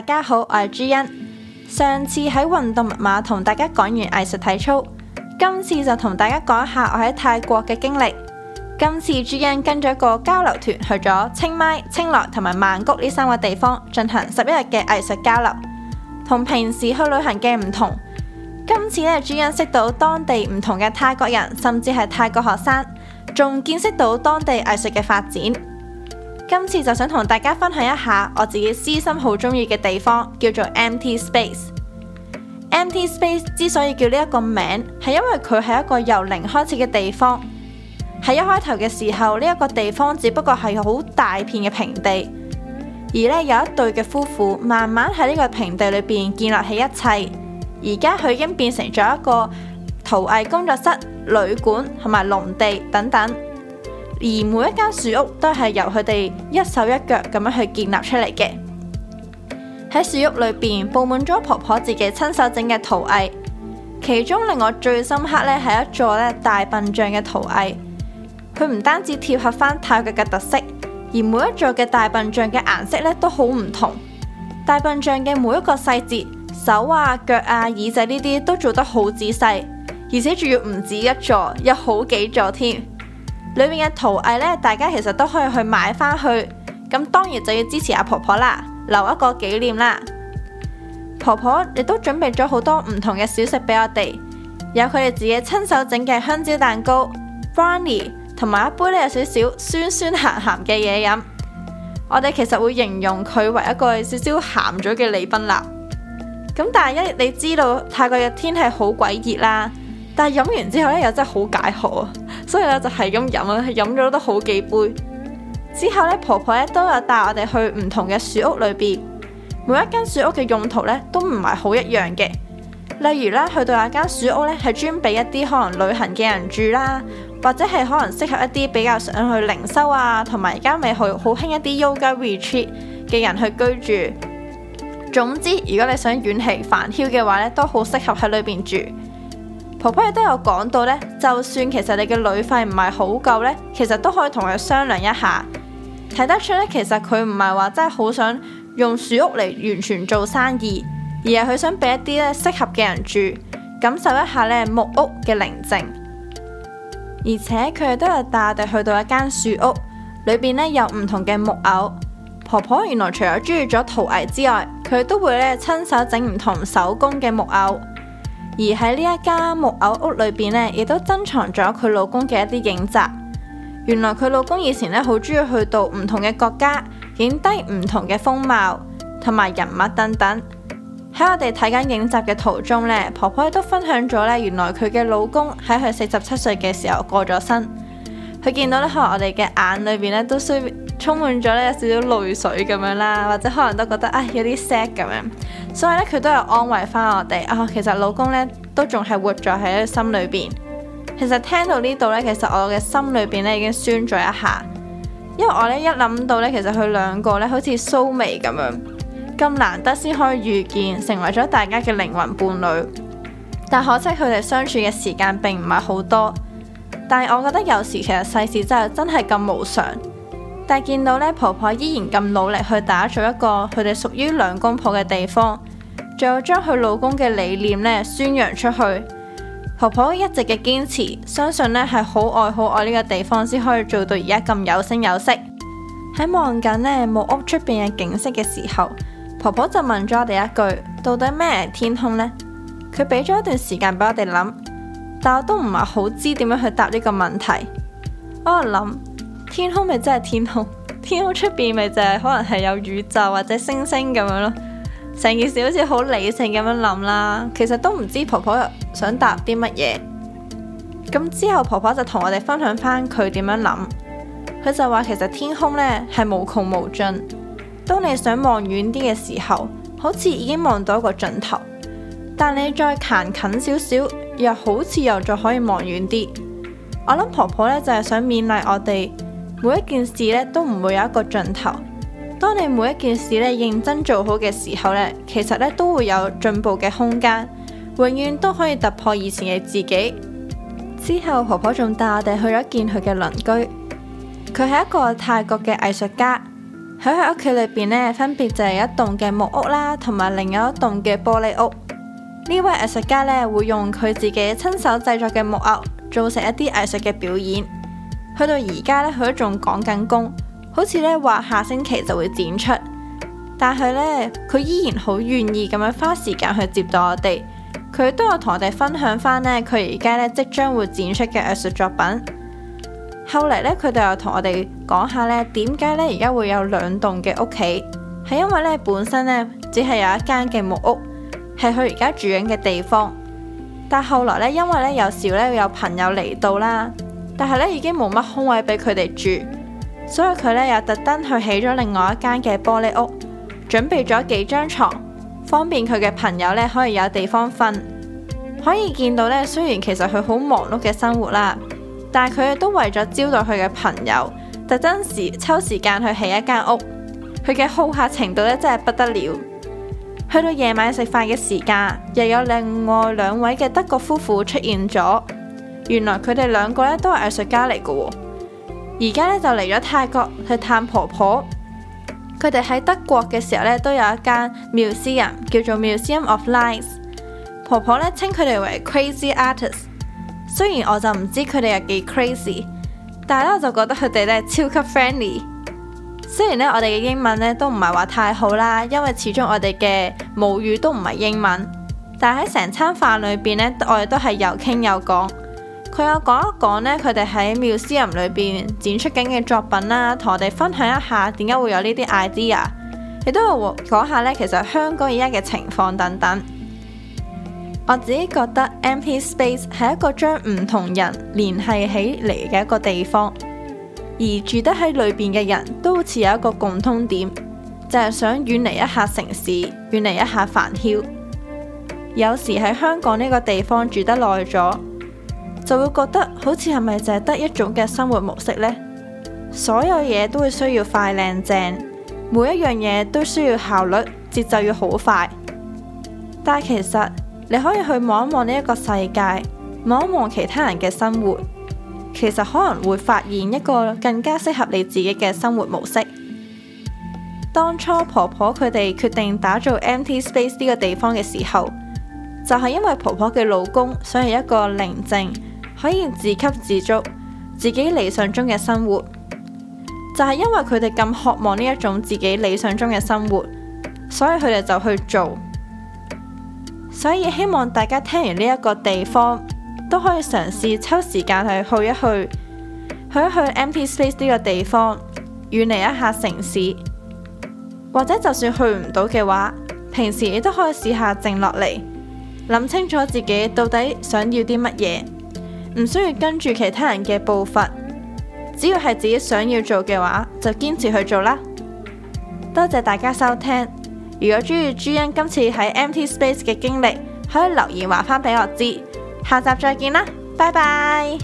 大家好，我係豬因。上次喺運動密碼同大家講完藝術體操，今次就同大家講下我喺泰國嘅經歷。今次豬因跟咗一個交流團去咗清邁、清萊同埋曼谷呢三個地方，進行十一日嘅藝術交流。同平時去旅行嘅唔同，今次咧豬因識到當地唔同嘅泰國人，甚至係泰國學生，仲見識到當地藝術嘅發展。今次就想同大家分享一下我自己私心好中意嘅地方，叫做 Empty Space。Empty Space 之所以叫呢一個名，係因為佢係一個由零開始嘅地方。喺一開頭嘅時候，呢、這、一個地方只不過係好大片嘅平地，而呢，有一對嘅夫婦慢慢喺呢個平地裏邊建立起一切。而家佢已經變成咗一個陶藝工作室、旅館同埋農地等等。而每一間樹屋都係由佢哋一手一腳咁樣去建立出嚟嘅。喺樹屋裏邊布滿咗婆婆自己親手整嘅陶藝，其中令我最深刻呢係一座咧大笨象嘅陶藝。佢唔單止貼合翻泰國嘅特色，而每一座嘅大笨象嘅顏色呢都好唔同。大笨象嘅每一個細節，手啊、腳啊、耳仔呢啲都做得好仔細，而且仲要唔止一座，有好幾座添。裏面嘅陶藝咧，大家其實都可以去買翻去。咁當然就要支持阿婆婆啦，留一個紀念啦。婆婆亦都準備咗好多唔同嘅小食俾我哋，有佢哋自己親手整嘅香蕉蛋糕、brownie，同埋一杯咧有少少酸酸鹹鹹嘅嘢飲。我哋其實會形容佢為一個少少鹹咗嘅李賓啦。咁但係一你知道泰國嘅天氣好鬼熱啦，但係飲完之後呢又真係好解渴啊！所以咧，就係咁飲啦，飲咗都好幾杯。之後咧，婆婆咧都有帶我哋去唔同嘅樹屋裏邊，每一間樹屋嘅用途咧都唔係好一樣嘅。例如咧，去到有間樹屋咧係專俾一啲可能旅行嘅人住啦，或者係可能適合一啲比較想去靈修啊，同埋而家未去好興一啲 yoga retreat 嘅人去居住。總之，如果你想遠離煩囂嘅話咧，都好適合喺裏邊住。婆婆亦都有講到呢，就算其實你嘅旅費唔係好夠呢，其實都可以同佢商量一下。睇得出呢，其實佢唔係話真係好想用樹屋嚟完全做生意，而係佢想俾一啲咧適合嘅人住，感受一下咧木屋嘅寧靜。而且佢哋都有帶我哋去到一間樹屋，裏邊呢有唔同嘅木偶。婆婆原來除咗中意咗陶藝之外，佢都會咧親手整唔同手工嘅木偶。而喺呢一間木偶屋裏邊呢，亦都珍藏咗佢老公嘅一啲影集。原來佢老公以前呢，好中意去到唔同嘅國家，影低唔同嘅風貌同埋人物等等。喺我哋睇緊影集嘅途中呢，婆婆亦都分享咗呢，原來佢嘅老公喺佢四十七歲嘅時候過咗身。佢見到呢，可能我哋嘅眼裏邊呢，都酸。充滿咗咧有少少淚水咁樣啦，或者可能都覺得啊、哎、有啲 sad 咁樣，所以咧佢都有安慰翻我哋啊、哦。其實老公咧都仲係活在喺佢心裏邊。其實聽到呢度呢，其實我嘅心裏邊咧已經酸咗一下，因為我呢一諗到呢，其實佢兩個呢好似蘇眉咁樣，咁難得先可以遇見，成為咗大家嘅靈魂伴侶，但可惜佢哋相處嘅時間並唔係好多。但係我覺得有時其實世事真係真係咁無常。但係見到咧，婆婆依然咁努力去打造一個佢哋屬於兩公婆嘅地方，仲要將佢老公嘅理念咧宣揚出去。婆婆一直嘅堅持，相信咧係好愛好愛呢個地方，先可以做到而家咁有聲有色。喺望緊咧木屋出邊嘅景色嘅時候，婆婆就問咗我哋一句：「到底咩係天空呢？」佢俾咗一段時間俾我哋諗，但我都唔係好知點樣去答呢個問題。我諗。天空咪真係天空，天空出邊咪就係可能係有宇宙或者星星咁樣咯。成件事好似好理性咁樣諗啦，其實都唔知婆婆又想答啲乜嘢。咁之後婆婆就同我哋分享翻佢點樣諗，佢就話其實天空呢係無窮無盡。當你想望遠啲嘅時候，好似已經望到一個盡頭，但你再行近少少，又好似又再可以望遠啲。我諗婆婆呢就係想勉勵我哋。每一件事咧都唔會有一個盡頭。當你每一件事咧認真做好嘅時候咧，其實咧都會有進步嘅空間，永遠都可以突破以前嘅自己。之後婆婆仲帶我哋去咗見佢嘅鄰居，佢係一個泰國嘅藝術家。喺佢屋企裏邊咧，分別就係一棟嘅木屋啦，同埋另一棟嘅玻璃屋。呢位藝術家咧會用佢自己親手製作嘅木偶，做成一啲藝術嘅表演。去到而家咧，佢都仲講緊工，好似咧話下星期就會展出，但係咧佢依然好願意咁樣花時間去接待我哋。佢都有同我哋分享翻咧，佢而家咧即將會展出嘅藝術作品。後嚟咧，佢哋又同我哋講下咧，點解咧而家會有兩棟嘅屋企，係因為咧本身咧只係有一間嘅木屋，係佢而家住緊嘅地方。但後來咧，因為咧有時咧會有朋友嚟到啦。但係咧，已經冇乜空位俾佢哋住，所以佢咧又特登去起咗另外一間嘅玻璃屋，準備咗幾張床，方便佢嘅朋友咧可以有地方瞓。可以見到咧，雖然其實佢好忙碌嘅生活啦，但係佢亦都為咗招待佢嘅朋友，特登時抽時間去起一間屋。佢嘅好客程度咧真係不得了。去到夜晚食飯嘅時間，又有另外兩位嘅德國夫婦出現咗。原來佢哋兩個咧都係藝術家嚟嘅喎，而家咧就嚟咗泰國去探婆婆。佢哋喺德國嘅時候咧都有一間 museum 叫做 Museum of Lines。婆婆咧稱佢哋為 crazy artists。雖然我就唔知佢哋係幾 crazy，但係咧我就覺得佢哋咧超級 friendly。雖然咧我哋嘅英文咧都唔係話太好啦，因為始終我哋嘅母語都唔係英文，但係喺成餐飯裏邊咧，我哋都係有傾有講。佢有講一講呢佢哋喺 museum 裏邊展出緊嘅作品啦，同我哋分享一下點解會有呢啲 idea，亦都有講下呢，其實香港而家嘅情況等等。我自己覺得 Empty space 係一個將唔同人聯繫起嚟嘅一個地方，而住得喺裏邊嘅人都好似有一個共通點，就係、是、想遠離一下城市，遠離一下煩囂。有時喺香港呢個地方住得耐咗。就會覺得好似係咪淨係得一種嘅生活模式呢？所有嘢都會需要快、靚、正，每一樣嘢都需要效率，節奏要好快。但係其實你可以去望一望呢一個世界，望一望其他人嘅生活，其實可能會發現一個更加適合你自己嘅生活模式。當初婆婆佢哋決定打造 Empty Space 呢個地方嘅時候，就係因為婆婆嘅老公想要一個寧靜。可以自給自足，自己理想中嘅生活就係因為佢哋咁渴望呢一種自己理想中嘅生活，所以佢哋就去做。所以希望大家聽完呢一個地方都可以嘗試抽時間去去一去去一去 Empty space 呢個地方，遠離一下城市，或者就算去唔到嘅話，平時亦都可以試下靜落嚟諗清楚自己到底想要啲乜嘢。唔需要跟住其他人嘅步伐，只要係自己想要做嘅話，就堅持去做啦。多謝大家收聽，如果中意豬因今次喺 Empty Space 嘅經歷，可以留言話翻俾我知。下集再見啦，拜拜。